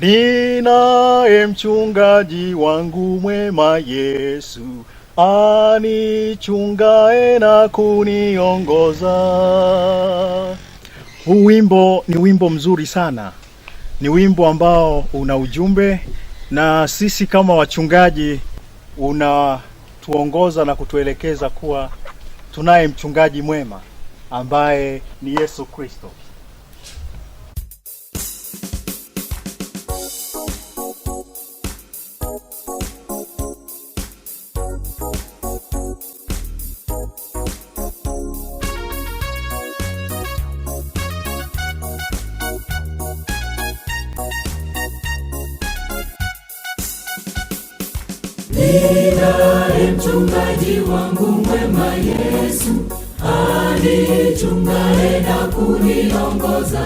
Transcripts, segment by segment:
Ninaye mchungaji wangu mwema Yesu, anichungae na kuniongoza. Huu wimbo ni wimbo mzuri sana, ni wimbo ambao una ujumbe, na sisi kama wachungaji unatuongoza na kutuelekeza kuwa tunaye mchungaji mwema ambaye ni Yesu Kristo. Ninaye mchungaji wangu mwema Yesu, anichungaye na kuniongoza.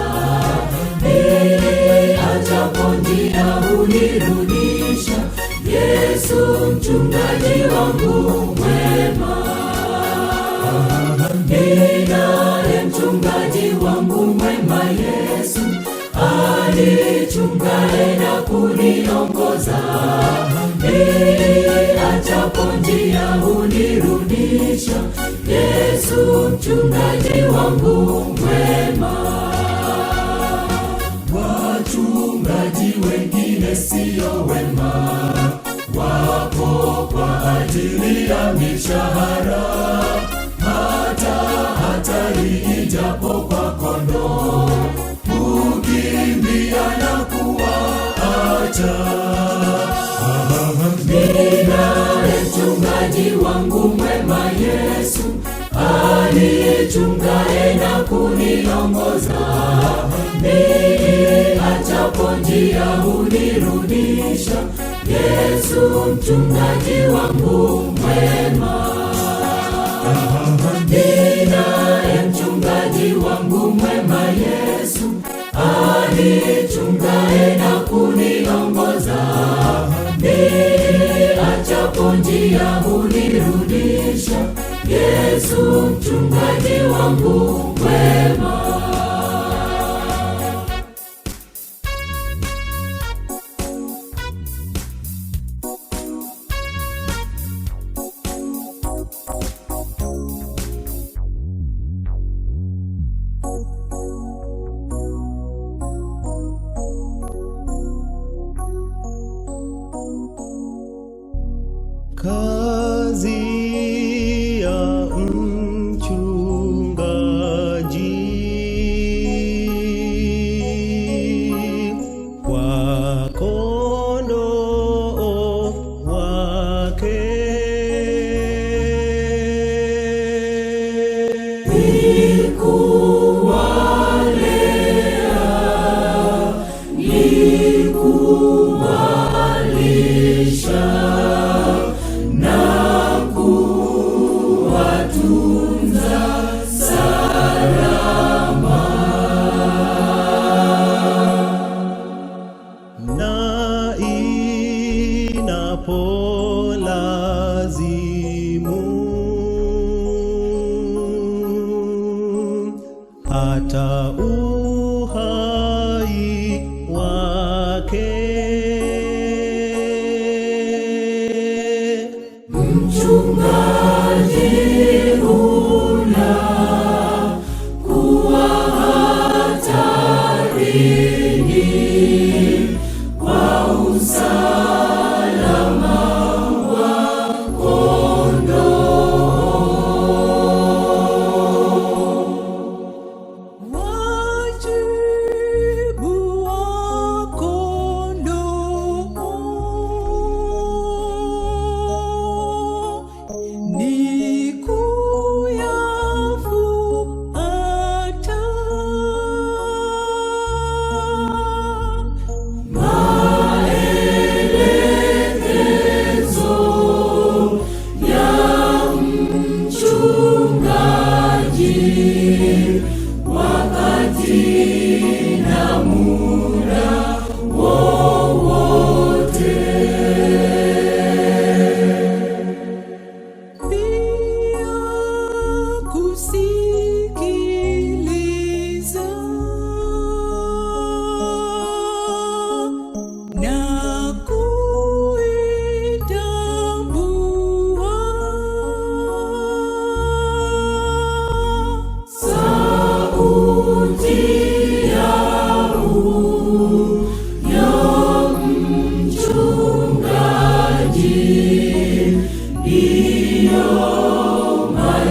Niliachapo njia hunirudisha, Yesu mchungaji wangu mwema. Ninaye mchungaji wangu mwema Yesu, anichungaye na kuniongoza mchungaji wangu mwema. Wachungaji wengine siyo wema, wapo kwa ajili ya mishahara, hata hatari ijapo kwa kondoo kukimbia na kuwaacha aliyechungae na kuniongoza, achapo njia hunirudisha. Yesu mchungaji wangu mwema, ninaye mchungaji wangu mwema, Yesu aliyechungae na Yesu mchungaji wangu mwema. Kazi ata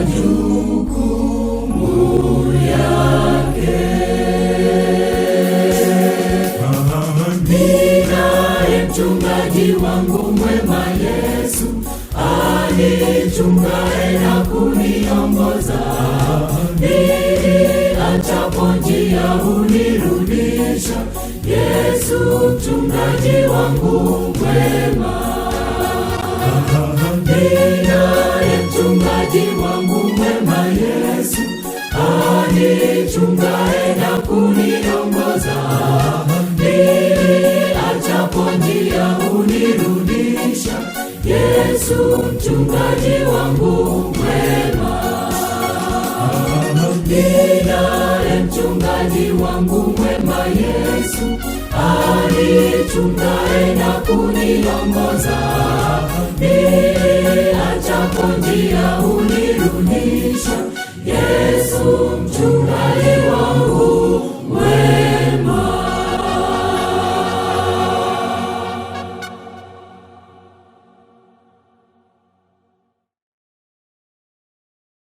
majukumu yake. mchungaji wangu mwema, Yesu alichungaye na kuniongoza, niliachapo njia hunirudisha. Yesu mchungaji wangu mwema nichungae na kuniongoza, niachapo njia hunirudisha. Yesu mchungaji wangu mwema, ninaye mchungaji wangu mwema, Yesu anichungae na kuniongoza, niachapo njia hunirudisha Yesu